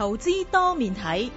投資多面睇。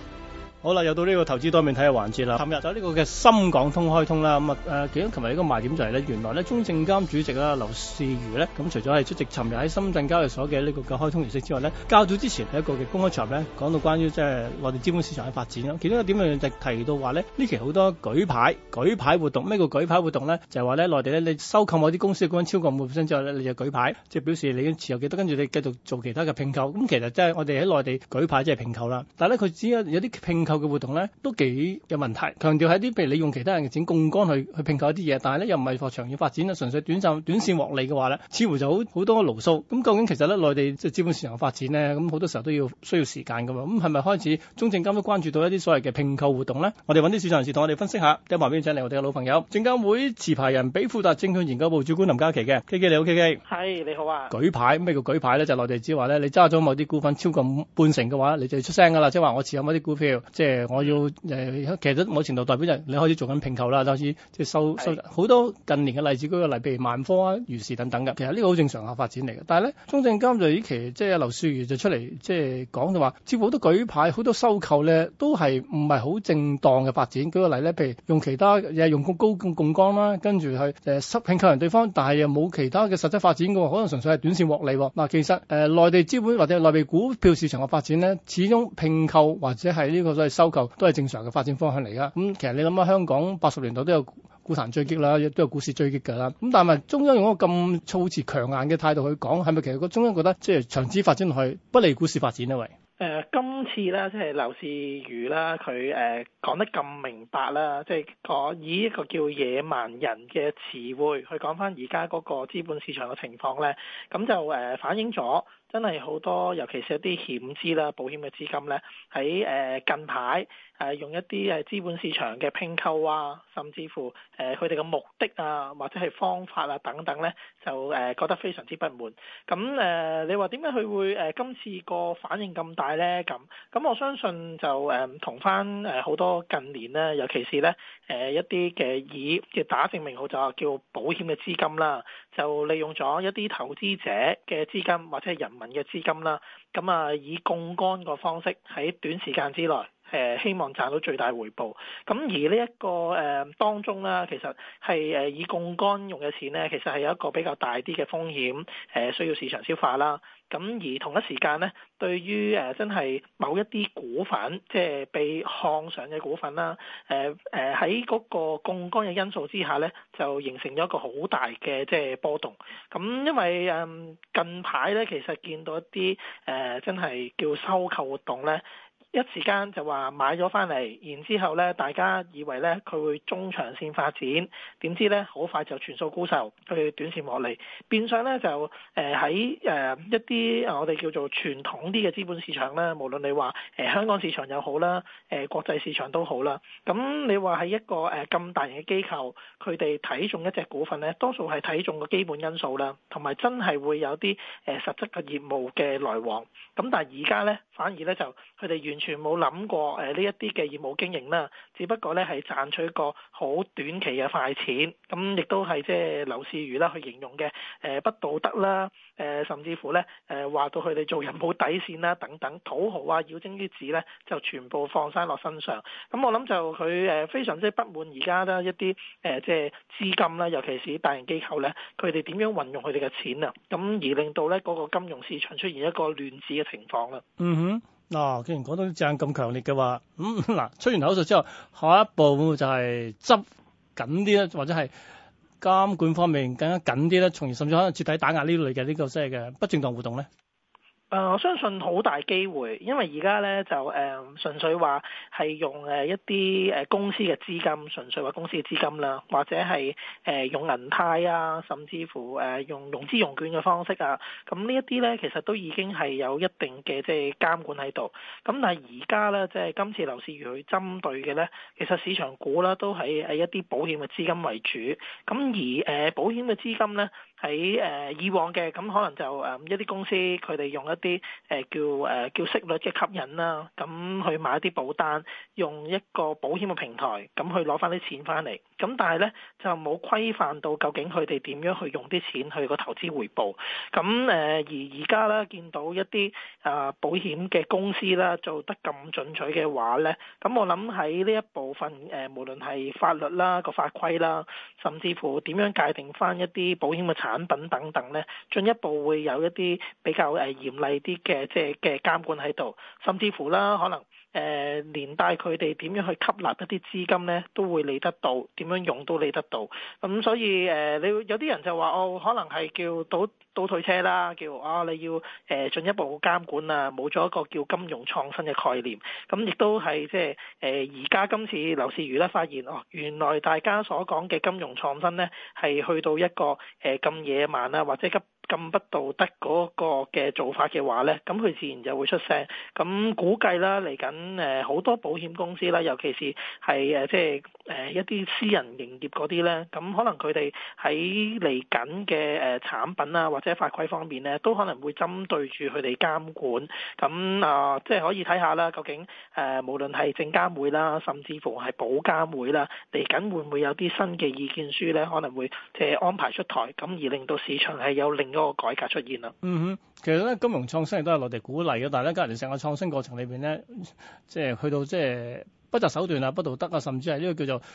好啦，又到呢個投資多面睇嘅環節啦。尋日就呢個嘅深港通開通啦。咁啊，誒，其實尋日呢個賣點就係、是、咧，原來咧，中證監主席啊，劉士餘咧，咁除咗係出席尋日喺深圳交易所嘅呢個嘅開通儀式之外咧，較早之前係一個嘅公開場合咧，講到關於即係內地資本市場嘅發展啦。其中一個點咧，就提到話咧，呢期好多舉牌、舉牌活動，咩叫舉牌活動咧？就係話咧，內地咧，你收購某啲公司嘅股份超過五 percent 之後咧，你就舉牌，即、就、係、是、表示你已經持有幾多，跟住你繼續做其他嘅併購。咁其實即係我哋喺內地舉牌即係併購啦。但係咧，佢只有啲併購嘅活動咧都幾有問題，強調係一啲譬如你用其他人嘅錢槓桿去去拼購一啲嘢，但係咧又唔係放長遠發展啊，純粹短暫短線獲利嘅話咧，似乎就好好多嘅牢騷。咁究竟其實咧內地即係資本市場發展咧，咁好多時候都要需要時間噶嘛。咁係咪開始中證監都關注到一啲所謂嘅拼購活動咧？我哋揾啲市場人士同我哋分析下。第一話邊請嚟我哋嘅老朋友，證監會持牌人比富達證券研究部主管林嘉琪嘅。K K 你好，K K。係你好啊。舉牌咩叫舉牌咧？就係、內地指話咧，你揸咗某啲股份超過半成嘅話，你就出聲噶啦。即係話我持有某啲股票。即、呃、我要誒、呃，其實都某程度代表就你開始做緊併購啦，開始即係收是收好多近年嘅例子，舉個例，譬如萬科啊、如是等等嘅，其實呢個好正常嘅發展嚟嘅。但係咧，中證監就呢期即係劉士余就出嚟即係講就是、話，似乎好多舉牌、好多收購咧，都係唔係好正當嘅發展。舉、那個例咧，譬如用其他又係用高高槓桿啦，跟住去誒收併購人對方，但係又冇其他嘅實質發展嘅喎，可能純粹係短線獲利、啊。嗱，其實誒、呃、內地資本或者係內地股票市場嘅發展咧，始終併購或者係呢、這個都收購都係正常嘅發展方向嚟噶，咁、嗯、其實你諗下香港八十年代都有股壇狙擊啦，亦都有股市狙擊噶啦，咁、嗯、但係中央用一個咁措辭，強硬嘅態度去講，係咪其實個中央覺得即係長此發展落去不利股市發展呢、啊、喂。呃、今次咧，即係劉士餘啦，佢誒講得咁明白啦，即係講以一個叫野蠻人嘅詞彙去講翻而家嗰個資本市場嘅情況咧，咁就、呃、反映咗真係好多，尤其是有啲險資啦、保險嘅資金咧，喺誒、呃、近排。係用一啲誒資本市場嘅併購啊，甚至乎誒佢哋嘅目的啊，或者係方法啊等等呢，就誒覺得非常之不滿。咁誒，你話點解佢會誒今次個反應咁大呢？咁咁我相信就誒同返誒好多近年呢，尤其是呢誒一啲嘅以叫打證明號就叫保險嘅資金啦，就利用咗一啲投資者嘅資金或者係人民嘅資金啦，咁啊以槓桿個方式喺短時間之內。誒希望賺到最大回報，咁而呢一個誒當中啦，其實係誒以槓桿用嘅錢咧，其實係有一個比較大啲嘅風險，誒需要市場消化啦。咁而同一時間咧，對於誒真係某一啲股份，即係被看上嘅股份啦，誒誒喺嗰個槓桿嘅因素之下咧，就形成咗一個好大嘅即係波動。咁因為誒近排咧，其實見到一啲誒真係叫收購活動咧。一時間就話買咗返嚟，然之後呢，大家以為呢，佢會中長線發展，點知呢？好快就全數沽售，佢短線獲利，變相呢，就誒喺誒一啲我哋叫做傳統啲嘅資本市場啦，無論你話誒香港市場又好啦，誒國際市場都好啦，咁你話喺一個誒咁大型嘅機構，佢哋睇中一隻股份呢，多數係睇中個基本因素啦，同埋真係會有啲誒實質嘅業務嘅來往，咁但係而家呢，反而呢，就佢哋完全。全冇諗過呢一啲嘅業務經營啦，只不過呢係賺取個好短期嘅快錢，咁亦都係即係劉士余啦去形容嘅不道德啦，甚至乎呢誒話到佢哋做人冇底線啦等等，土豪啊妖精啲字呢就全部放晒落身上，咁我諗就佢非常之不滿而家咧一啲即係資金啦，尤其是大型機構呢，佢哋點樣運用佢哋嘅錢啊，咁而令到呢個金融市場出現一個亂子嘅情況啦。嗯哼。嗱、啊，既然講到字眼咁強烈嘅話，嗯，嗱，出完口述之後，下一步會唔會就係執緊啲咧，或者係監管方面更加緊啲咧，從而甚至可能徹底打壓呢類嘅呢、呢個即係嘅不正當活動咧？誒、嗯，我相信好大機會，因為而家咧就誒、呃、純粹話係用一啲公司嘅資金，純粹話公司嘅資金啦，或者係、呃、用銀貸啊，甚至乎、呃、用融資融券嘅方式啊，咁、嗯、呢一啲咧其實都已經係有一定嘅即係監管喺度。咁但係而家咧即係今次劉士余佢針對嘅咧，其實市場估啦都係一啲保險嘅資金為主。咁、嗯、而誒、呃、保險嘅資金咧喺誒以往嘅咁可能就、呃、一啲公司佢哋用一啲誒叫誒叫息率嘅吸引啦，咁去買一啲保單，用一個保險嘅平台，咁去攞翻啲錢翻嚟。咁但係呢，就冇規範到究竟佢哋點樣去用啲錢去個投資回報，咁而而家啦，見到一啲啊保險嘅公司啦做得咁進取嘅話呢，咁我諗喺呢一部分誒無論係法律啦個法規啦，甚至乎點樣界定翻一啲保險嘅產品等等呢，進一步會有一啲比較誒嚴厲啲嘅即係嘅監管喺度，甚至乎啦可能。誒、呃、連帶佢哋點樣去吸納一啲資金呢，都會理得到，點樣用都理得到。咁所以誒，你、呃、有啲人就話哦，可能係叫倒倒退車啦，叫啊、哦、你要誒、呃、進一步監管啊，冇咗一個叫金融創新嘅概念。咁亦都係即係誒，而家今次劉士余呢發現哦，原來大家所講嘅金融創新呢，係去到一個誒咁、呃、野蠻啦，或者急。咁不道德嗰個嘅做法嘅話咧，咁佢自然就會出聲，咁估計啦，嚟緊誒好多保險公司啦，尤其是係誒即係誒一啲私人營業嗰啲咧，咁可能佢哋喺嚟緊嘅誒產品啊或者法規方面咧，都可能會針對住佢哋監管。咁啊、呃，即係可以睇下啦，究竟誒、呃、無論係證監會啦，甚至乎係保監會啦，嚟緊會唔會有啲新嘅意見書咧，可能會即係安排出台，咁而令到市場係有另一。那個改革出現啦。嗯哼，其實咧金融創新亦都係內地鼓勵嘅，但係咧近年成個創新過程裏邊咧，即係去到即係不擇手段啊、不道德啊，甚至係呢個叫做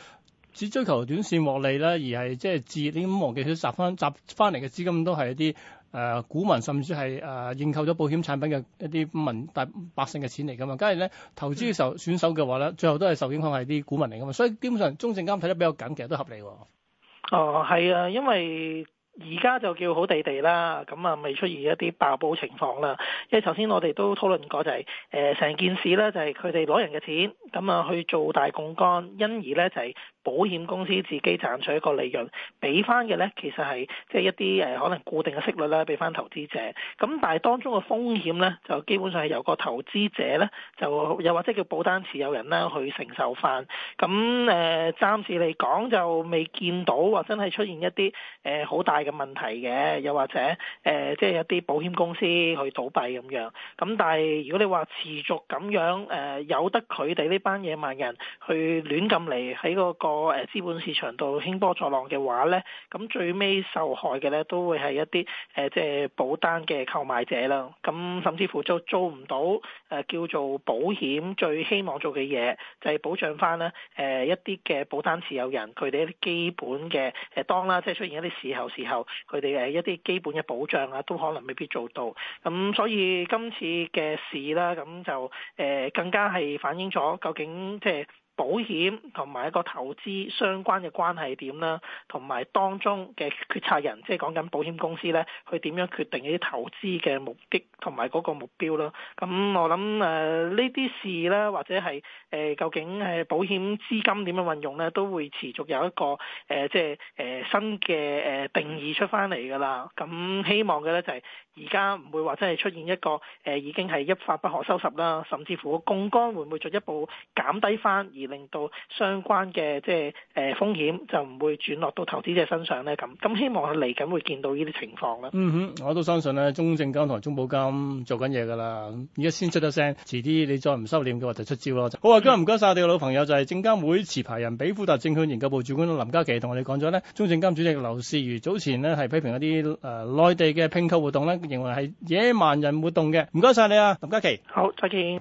只追求短線獲利啦、啊，而係即係置啲咁忘記佢集翻集翻嚟嘅資金都係一啲誒股民，甚至係誒認購咗保險產品嘅一啲民大百姓嘅錢嚟㗎嘛。假如咧投資嘅時候選手嘅話咧、嗯，最後都係受影響係啲股民嚟㗎嘛。所以基本上中證監睇得比較緊，其實都合理。哦，係啊，因為。而家就叫好地地啦，咁啊未出現一啲爆煲情況啦，因為頭先我哋都討論過，就係誒成件事咧就係佢哋攞人嘅錢咁啊去做大槓桿，因而咧就係、是。保險公司自己賺取一個利潤，俾翻嘅呢其實係即係一啲誒可能固定嘅息率啦，俾翻投資者。咁但係當中嘅風險呢，就基本上係由個投資者呢，就又或者叫保單持有人啦去承受翻。咁誒暫時嚟講就未見到或真係出現一啲誒好大嘅問題嘅，又或者誒即係一啲保險公司去倒閉咁樣。咁但係如果你話持續咁樣誒有得佢哋呢班野蠻人去亂咁嚟喺嗰個，個誒資本市場度興波作浪嘅話呢，咁最尾受害嘅呢都會係一啲誒即係保單嘅購買者啦。咁甚至乎做做唔到誒叫做保險最希望做嘅嘢，就係、是、保障翻呢誒一啲嘅保單持有人佢哋一啲基本嘅誒當啦，即係出現事後事後一啲事後事後佢哋嘅一啲基本嘅保障啊，都可能未必做到。咁所以今次嘅事啦，咁就誒更加係反映咗究竟即係。保險同埋一個投資相關嘅關係點啦，同埋當中嘅決策人，即係講緊保險公司咧，佢點樣決定啲投資嘅目的同埋嗰個目標咯？咁我諗誒、呃、呢啲事咧，或者係誒、呃、究竟誒保險資金點樣運用咧，都會持續有一個誒、呃、即係誒、呃、新嘅誒定義出翻嚟㗎啦。咁希望嘅咧就係而家唔會話即係出現一個誒、呃、已經係一發不可收拾啦，甚至乎個槓桿會唔會進一步減低翻而。令到相關嘅即係誒風險就唔會轉落到投資者身上咧咁，咁希望佢嚟緊會見到呢啲情況啦。嗯哼，我都相信咧，中證監同埋中保監做緊嘢噶啦。而家先出咗聲，遲啲你再唔收斂嘅話就出招咯。好啊，今日唔該晒我哋嘅老朋友就係、是、證監會持牌人比富達證券研究部主管林嘉琪，同我哋講咗咧，中證監主席劉士餘早前呢係批評一啲誒內地嘅併購活動咧，認為係野蠻人活動嘅。唔該晒你啊，林嘉琪。好，再見。